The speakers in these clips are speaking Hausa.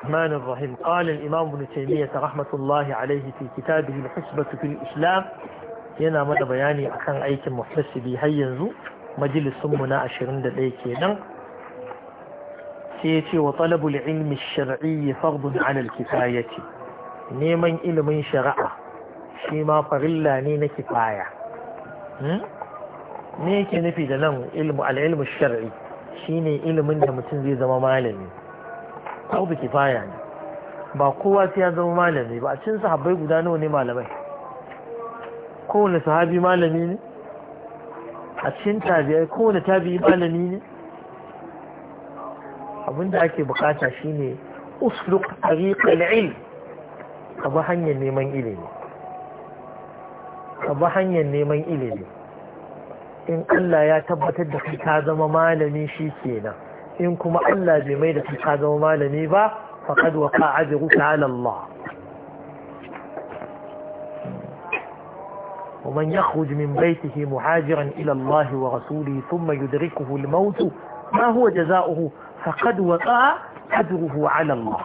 الرحمن الرحيم قال الإمام ابن تيمية رحمة الله عليه في كتابه الحسبة في الإسلام yana mada bayani akan aikin muhtasibi har yanzu majalisunmu na ashirin da sai kenan. ce wa talabul ilmi shar'i fardun ala al-kifayati neman ilimin shari'a shi ma farilla ne na kifaya me yake nufi da nan ilmu al-ilmu shar'i shine ilimin da mutum zai zama malami fardu kifaya ne ba kowa sai ya zama malami ba a cikin sahabbai guda nawa ne malamai kowane sahabi malami ne a cikin tabi'ai kowane tabi'i malami ne abinda ake bukata shine usluk tariqal ilm ka ba hanyar neman ilimi ka ba hanyar neman ilimi in Allah ya tabbatar da kai ka zama malami shi kenan in kuma Allah bai mai da ka zama malami ba faqad waqa ajruka ala Allah ومن يخرج من بيته مهاجرا إلى الله ورسوله ثم يدركه الموت ما هو جزاؤه فقد وقع أجره على الله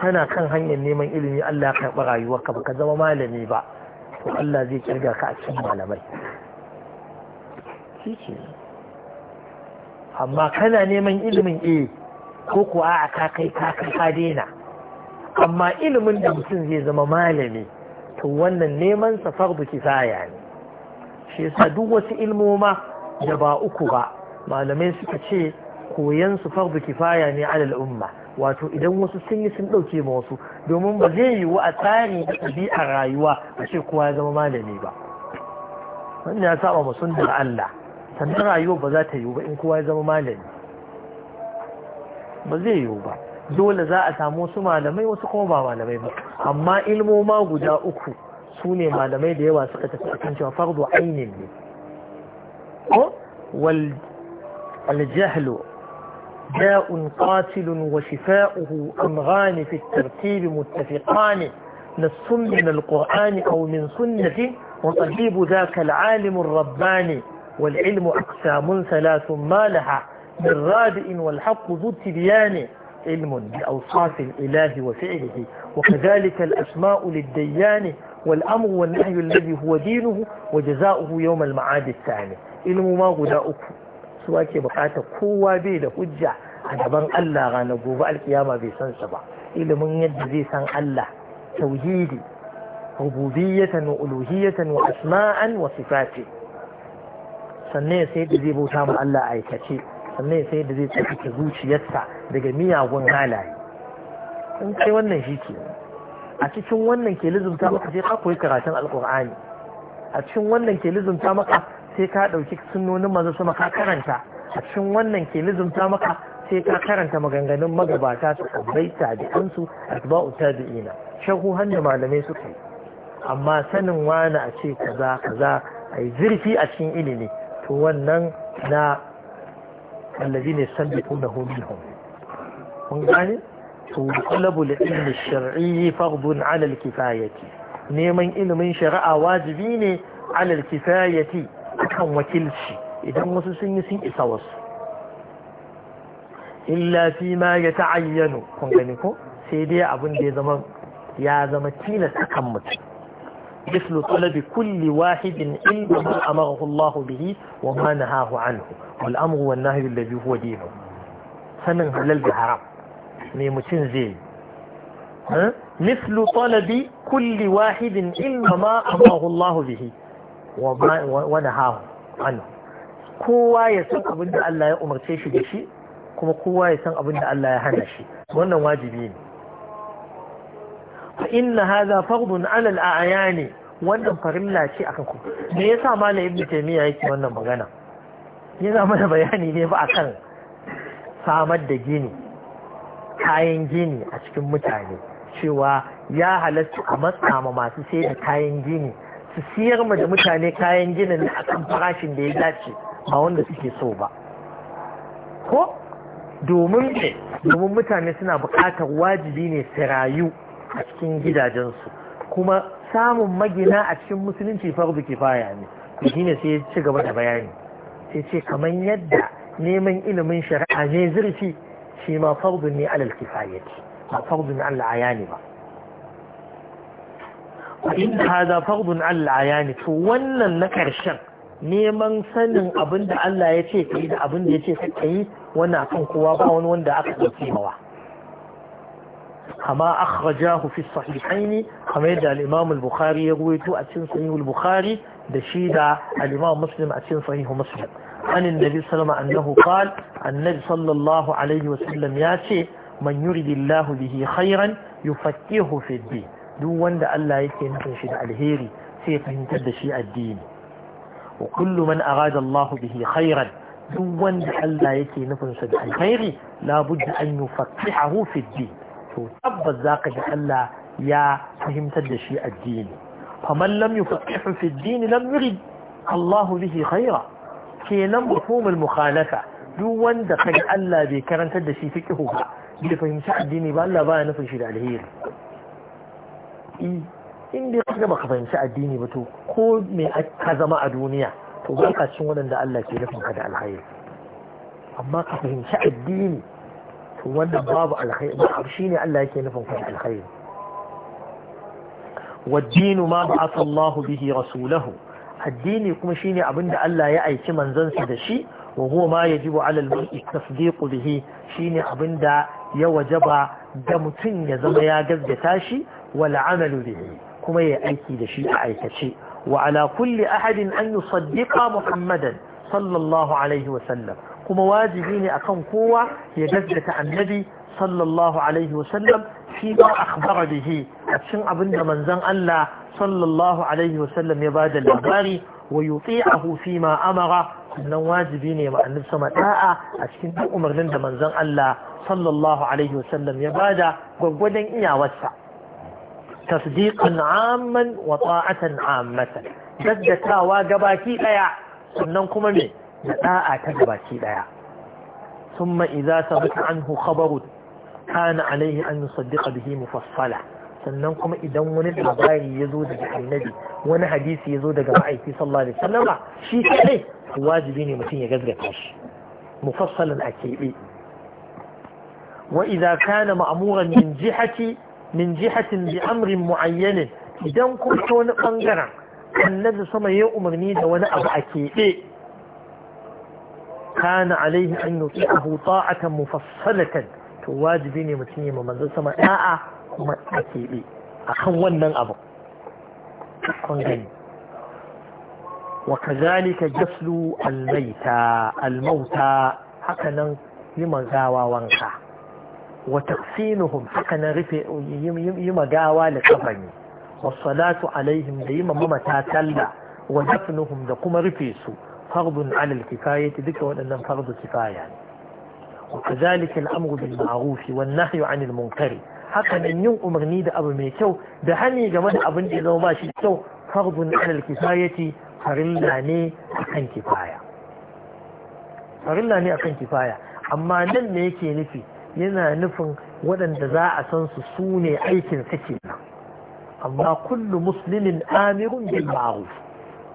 kan hanyar neman ilimi Allah ka karɓi rayuwarka baka zama malami ba to Allah zai kirga ka a cikin malamai amma kana neman ilimin e ko kuwa a ka kai ka kai ka daina amma ilimin da mutum zai zama malami to wannan neman sa fardu kifaya ne shi yasa duk wasu ilmoma da ba uku ba malamai suka ce koyan su fardu kifaya ne alal umma wato idan wasu sun yi sun ɗauke ma wasu domin ba zai yiwu a tsari da ɗabi'ar rayuwa a ce kowa ya zama malami ba wannan ya saba ma sunnar Allah sannan rayuwa ba za ta yiwu ba in kowa ya zama malami ba zai yiwu ba dole za a samu su malamai wasu kuma ba malamai ba amma ilmo ma guda uku su ne malamai da yawa suka tafi akan cewa fardu ainihin ne ko wal aljahlu داء قاتل وشفاؤه أمغان في الترتيب متفقان نص من القرآن أو من سنة وطبيب ذاك العالم الرباني والعلم أقسام ثلاث ما لها من رادئ والحق ذو تبيان علم بأوصاف الإله وفعله وكذلك الأسماء للديان والأمر والنهي الذي هو دينه وجزاؤه يوم المعاد الثاني علم ما غداؤك سواء بقاتا قوة بيد حجة عجبان الله غانا قوة القيامة بيسان سبع علم يجزي سان الله توحيدي ربوبية وألوهية وأسماء وصفاته sannan sai da zai bauta ma Allah a aikace sannan sai da zai tsarkake zuciyarsa daga miyagun halaye in kai wannan shi ke a cikin wannan ke lizumta maka sai ka koyi karatun alkur'ani a cikin wannan ke lizumta maka sai ka ɗauki sunonin maza su ka karanta a cikin wannan ke lizumta maka sai ka karanta maganganun magabata su kabbai tabi'ansu atba'u tabi'ina shahu hannu malamai suka yi amma sanin wani a ce kaza kaza a yi zurfi a cikin ilimi to wannan na allazi ne san bi kuna minhum kun gane to al-ilm ilmi shar'i fardun ala al-kifayati neman ilimin shari'a wajibi ne ala al-kifayati kan wakilci idan wasu sun yi sun isa wasu illa fi ma ya ta'ayyano kun gani ko sai dai abin da ya zama ya zama tilas akan mutum مثل طلب كل واحد عندما أمره الله به وما نهاه عنه والأمر والنهي الذي هو دينه سنن هلال بحرام ميمتين زي ها؟ مثل طلب كل واحد عندما أمره الله به وما ونهاه عنه kowa ya san abin da Allah ya umarce shi da shi kuma kowa ya san abin da Allah ya hana shi wannan wajibi ne fa inna hadha fardun ala al-a'yani wannan farilla ce akan ku me yasa malam ibnu taymiya yake wannan magana yana mana bayani ne ba akan samar da gini kayan gini a cikin mutane cewa ya halatta a matsa ma masu sai da kayan gini su siyar ma da mutane kayan ginin a kan farashin da ya dace ba wanda suke so ba ko domin mutane suna buƙatar wajibi ne su rayu a cikin gidajensu kuma samun magina a cikin musulunci farzu kifaya ne shi ne sai ci gaba da bayani sai ce kamar yadda neman ilimin shari'a ne zurfi shi ma farzu ne alal ce ba farzu ne ya ayani ba in hada ne Allah ayani to wannan na karshen neman sanin abin da Allah ya ce yi da abin da ya ce yi wannan kan kowa ba wani wanda aka ba mawa كما أخرجاه في الصحيحين كما يدى الإمام البخاري يروي أتين صحيح البخاري دشيد الإمام مسلم أتين صحيح مسلم عن النبي صلى الله عليه وسلم أنه قال النبي صلى الله عليه وسلم ياتي من يريد الله به خيرا يفكيه في الدين دو وند الله يكي نفنشد الهيري سيفهم تدشي الدين وكل من أراد الله به خيرا duk wanda Allah yake nufinsa da alkhairi labudda an yi fakihahu fi din to tabbas za ka ga Allah ya fahimtar da shi addini faman lam yufaqihu fi ad lam Allahu bihi khaira kenan mafhumul mukhalafa duk wanda kaga Allah bai karantar da shi fiqhu ba bai fahimci addini ba Allah baya nufin shi da alheri in dai kaga baka fahimci addini ba to ko me ka zama a duniya to ba ka cin waɗanda Allah ke nufin ka da alheri amma ka fahimci addini to wannan babu alkhairi shine Allah yake nufin kuma alkhairi والدين ما بعث bihi rasulahu addini kuma shine abin da Allah ya aiki manzansa da shi wa huwa ma yajibu ala al-mar'i tasdiqu bihi shine abin da ya wajaba da mutum ya zama ya gaskata shi wal amalu bihi kuma ya aiki da shi a aikace wa ala kulli ahadin an yusaddiqa muhammadan sallallahu alaihi wa sallam kuma wajibi ne akan kowa ya gaskata annabi sallallahu alaihi wasallam fi ma akhbara bihi a cikin abin da manzon Allah sallallahu alaihi wasallam ya bada labari wa a hufi ma amara sannan wajibi ne ma annabi sama a cikin duk umarnin da manzon Allah sallallahu alaihi wasallam ya bada gwaggwadon iyawarsa tasdiqan amman wa ta'atan ammatan daddatawa gabaki ɗaya sannan kuma me da ɗa'a ta gabaki ɗaya sun ma'iza sabata an hukabaru kana alaihi an yusaddiqa bihi mufassala sannan kuma idan wani labari ya zo daga annabi wani hadisi ya zo daga ma'aiki sallallahu alaihi wasallama shi kadai wajibi ne mutum ya gazgata shi mufassalan a keɓe wa idza kana ma'muran min jihati min jihatin bi amrin mu'ayyanin idan kuma ta wani bangaren annabi sama ya umarni da wani abu a keɓe kana alaihi an yuti'ahu ta'atan mufassalatan to wajibi ne mutum ya manzo sama da'a kuma a kebe akan wannan abu kun gani وكذلك جسل الميتى الموتى حكنا يمغاوا وانكا وتقسينهم حكنا رفي يمغاوا لكفني والصلاة عليهم ديما ممتا تلا ودفنهم دقم رفيسو fardun alal kifaya duka waɗannan fardu kifaya ne وكذلك الأمر بالمعروف wa عن المنكر haka nan yin umarni da abu mai kyau da hani game da abin da zama ba shi kyau fardun alal kifayati farilla ne akan kifaya farilla ne akan kifaya amma nan me yake nufi yana nufin waɗanda za a san su su ne aikin sake nan amma kullu muslimin amirun bil ma'ruf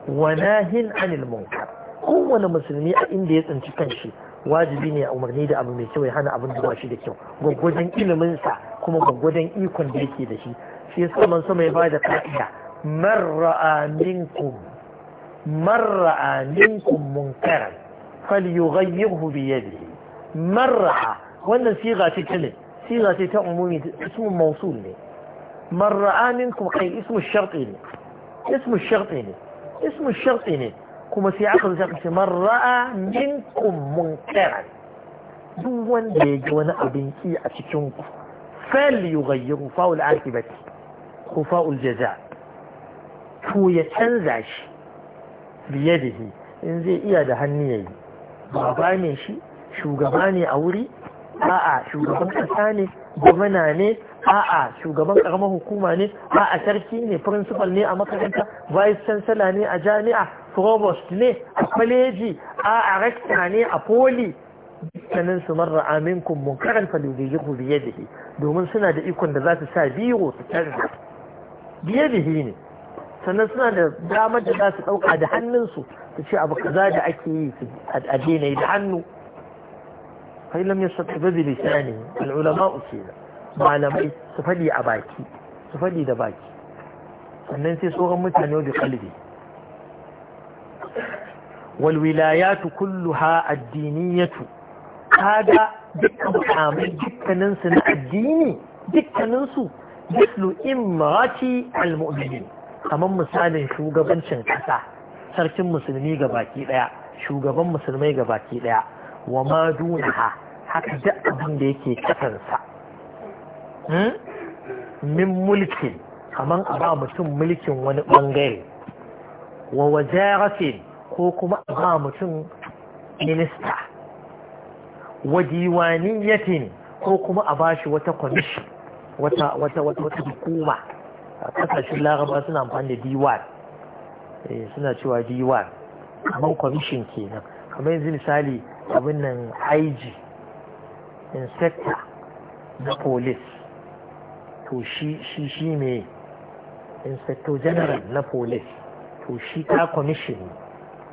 wa nahin anil munkar kowane musulmi a inda ya tsinci kanshi wajibi ne a umarni da abu mai kyau ya hana abin da ba shi da kyau gwaggwajen iliminsa kuma gwaggwajen ikon da yake da shi shi ya saman sama ya ba da ka'ida marra'a minkum marra'a minkum munkaran falyughayyirhu bi yadihi marra'a wannan siga ce ta ne siga ce ta umumi ismu mausul ne marra'a minkum kai ismu sharti ne ismu sharti ne ismu sharti ne kuma sai aka zo aka ce man ra'a minkum duk wanda ya ji wani abin ki a cikin ku fal yughayyiru fa'ul akibati ko fa'ul jaza to ya canza shi biyadihi in zai iya da hannu yayi baba ne shi shugaba ne a wuri a'a shugaban kasa ne gwamna ne a'a shugaban karamar hukuma ne a'a sarki ne principal ne a makaranta vice chancellor ne a jami'a provost ne a kwaleji a a rekta ne a poli dukkanin su marra aminkum munkaran da biyadihi domin suna da ikon da za su sa biro su tarda biyadihi ne sannan suna da damar da za su ɗauka da hannunsu su ce abu kaza da ake yi a daina da hannu kai ba yastati bi lisani al ulama na. malamai su faɗi a baki su faɗi da baki sannan sai tsohon mutane da kalbi walwilayatu kulluha addiniyatu kaga dukkan mukamai dukkaninsu na addini dukkaninsu mislu imrati almu'minin kamar misalin shugabancin kasa sarkin musulmi ga baki daya shugaban musulmai ga baki daya wa ma dunaha haka duk abin da yake kasansa hmm? min mulkin kamar a ba mutum mulkin wani bangare wa wazaratin ko kuma a ba mutum minista wa ne ko kuma a bashi shi wata kwamishin wata hukuma a kasashen laraba suna amfani da diwan eh, suna cewa diwan kamar kwamishin kenan kamar yanzu misali abin nan IG inspector na police to shi shi shi inspector general na police to shi ta ne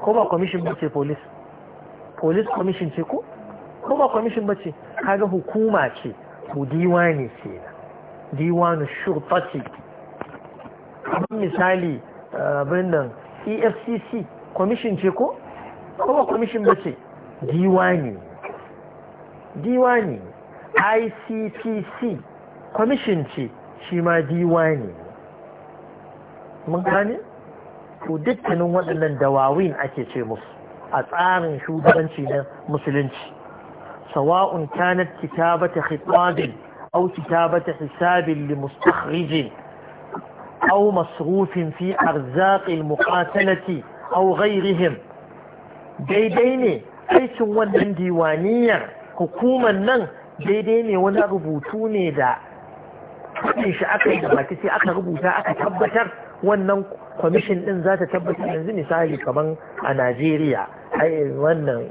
ko ba kwamishin bace polis polis kwamishin ce ko ko ba kwamishin bace kaga hukuma ce to diwani ce na diwani shurta ce kamar misali eh, abin nan efcc kwamishin ce ko ko ba kwamishin bace diwani diwani icpc kwamishin ce shi ma diwani mun gane to dukkanin waɗannan dawawin ake ce musu a tsarin shugabanci na musulunci sawa'un kanat kitabata khitabin aw kitabata hisabin li mustakhrijin aw masrufin fi arzaqil muqatalati aw ghayrihim daidai ne aikin wannan diwaniyar hukumar nan daidai ne wani rubutu ne da shi aka yi da sai aka rubuta aka tabbatar wannan kwamishin din za ta tabbata yanzu misali kamar a najeriya wannan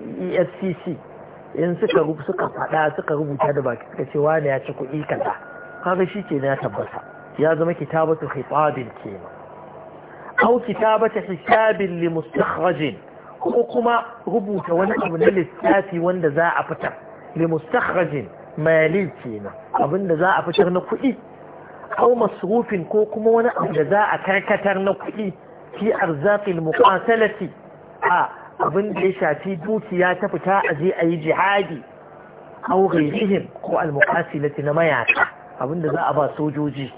efcc in suka suka faɗa suka rubuta da baki suka ce wani ya ci kuɗi kaza kaga shi ke na tabbata ya zama kitabatu hisabin kenan aw kitabatu hisabin li mustakhrajin ko kuma rubuta wani abu na lissafi wanda za a fitar li mustakhrajin mali kenan abinda za a fitar na kuɗi au masrufin ko kuma wani abu da za a karkatar na kuɗi fi arzaqil muqatalati a Abinda ya shafi dukiya ta fita a zai a yi jihadi au ghairihim ko al muqasilati na mayaka abin za a ba sojoji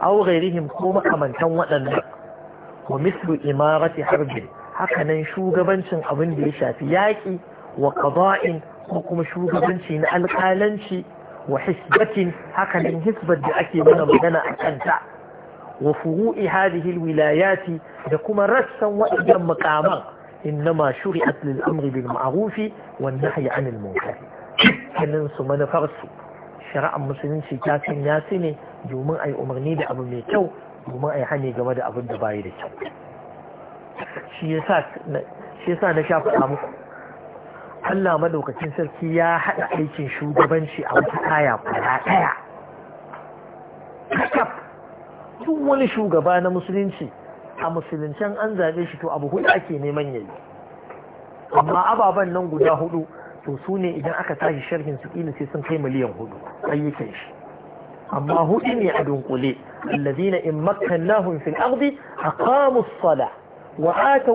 Aurerihim ko makamantan waɗannan wa mislu imarati Haka nan shugabancin abin ya shafi yaƙi wa qada'in ko kuma shugabanci na alƙalanci wa hisbatin hakanin nan hisbar da ake mana magana a kanta wa furu'i hadhihi alwilayati da kuma rassan waɗannan makaman innama shuri'at lil amri bil ma'arufi, wan nahyi 'anil munkar kanin su manufar su shari'ar musulunci ta sanya su ne domin ai umarni da abu mai kyau domin ai hane game da abin da bai da kyau shi yasa shi yasa na shafa muku Allah madaukakin sarki ya haɗa aikin shugabanci a wata aya kwaya ɗaya kakaf duk wani shugaba na musulunci a musuluncen an zaɓe shi to abu hudu ake neman yayi amma ababen nan guda hudu to su ne idan aka tashi sharhin su ƙila sai sun kai miliyan hudu ayyukan shi amma hudu ne a dunkule allazina in makkannahum fil ardi aqamu as wa atu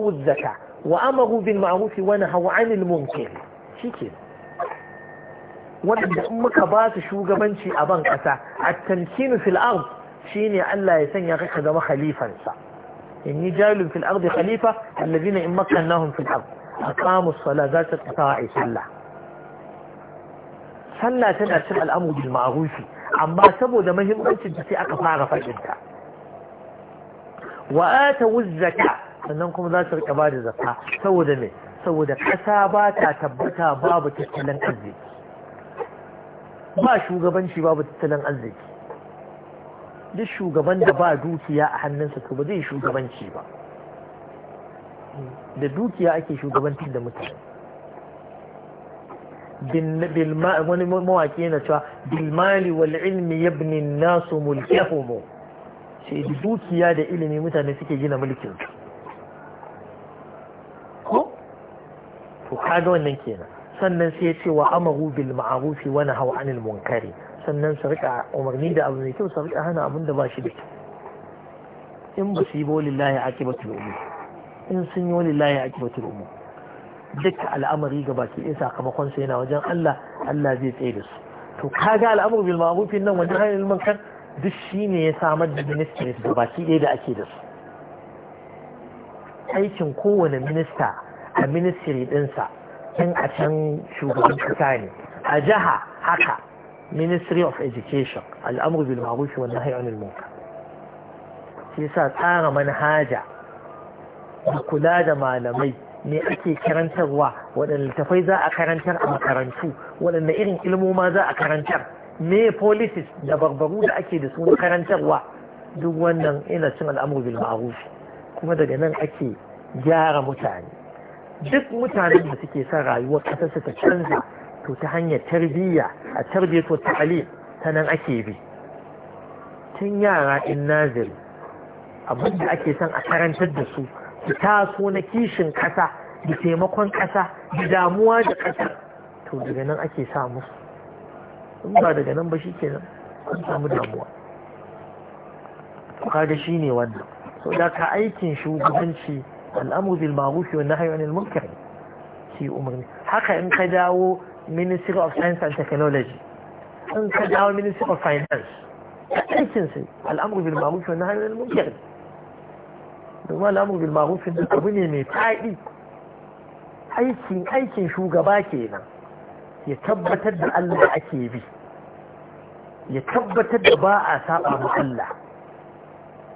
wa amaru bil ma'ruf wa nahaw 'anil munkar shike muka ba su shugabanci a ban kasa at-tamkinu fil ard Allah ya sanya ka zama Khalifansa. sa inni jalun fil da khalifa alladhina in makkannahum A ard sala za ta zata qita'i sallah sallah tana cin al'amur bin ma'ruf amma saboda mahimmancin ta sai aka fara fadin ta wa sannan kuma za su riƙa ba da zafa saboda mai saboda ƙasa ba ta tabbata babu tattalin arziki ba shugabanci babu tattalin arziki duk shugaban da ba dukiya a hannunsa to ba zai shugabanci ba da dukiya ake shugabanci da mutane wani mawaƙi yana cewa bilmali wal ilmi yabni nasu mulkahum sai dukiya da ilimi mutane suke gina mulkinsu kaga wannan kenan sannan sai ya ce wa amaru bil ma'rufi wa nahaw anil munkari sannan su rika umarni da abu mai kyau su rika hana abin da ba shi da in ba su yi bo lillahi akibatul umur in sun yi lillahi akibatul umur duka al'amari ga baki in sakamakon su yana wajen Allah Allah zai tsaye da su to kaga al'amur bil ma'ruf nan wajen hanin munkar duk shine ya samar da ministries da baki da ake da su aikin kowane minista a ministry dinsa can a can shugaban kasa ne a jiha haka ministry of education al'amur bil ma'ruf wa nahy anil munkar shi tsara manhaja da kula da malamai me ake karantarwa waɗanda littafai za a karantar a makarantu waɗanda irin ilmoma za a karantar me policies da barbaru da ake da su na karantarwa duk wannan ina cin al'amur bil ma'ruf kuma daga nan ake gyara mutane duk mutanen da suke son rayuwar ƙasar ta canza to ta hanyar tarbiyya a tarbiyyar to ali ta nan ake bi tun yara in nazir abin da ake son a karantar da su su taso na kishin ƙasa da taimakon ƙasa da damuwa da ƙasa to daga nan ake sa musu in ba daga nan ba shi ke nan, an samu damuwa kaga shi ne wannan so da ka aikin shugabanci al'amru bil ma'ruf wa nahyu 'anil munkar shi umarni haka in ka dawo ministry of science and technology in ka dawo ministry of finance ka aikin sai al'amru bil ma'ruf wa nahyu 'anil munkar domin al'amru bil ma'ruf abu ne mai fadi aikin aikin shugaba kenan ya tabbatar da Allah ake bi ya tabbatar da ba a saba ma Allah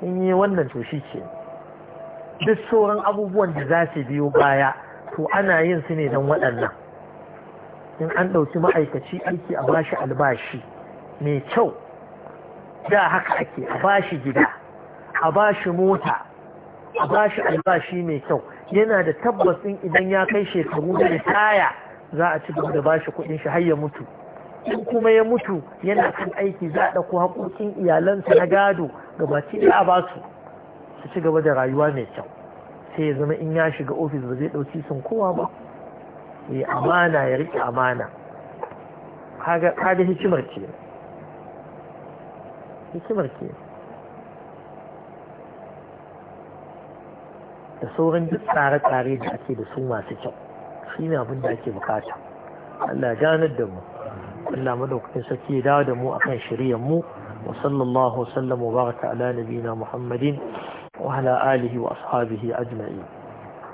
in yi wannan to shi kenan duk sauran abubuwan da za su biyo baya to ana yin su ne don waɗannan in an ɗauki ma'aikaci aiki a bashi albashi mai kyau da haka ake a bashi gida a bashi mota a bashi albashi mai kyau yana da tabbas in idan ya kai shekaru da taya za a ci gaba da bashi kuɗin shi har ya mutu in kuma ya mutu yana kan aiki za a ɗauko haƙoƙin iyalansa na gado gabaci da a basu ta ci gaba da rayuwa mai kyau sai ya zama in ya shiga ofis ba zai ɗauki sun kowa ba ya eh, amana ya riƙe amana kaga hikimar ke hikimar ke da sauran duk tsare-tsare da ake da su masu kyau shi ne abin da ake bukata Allah ganar da mu Allah madaukakin sarki ya dawo da mu akan shiriyar mu wa sallallahu wa sallam wa baraka ala nabiyina Muhammadin وعلى آله وأصحابه أجمعين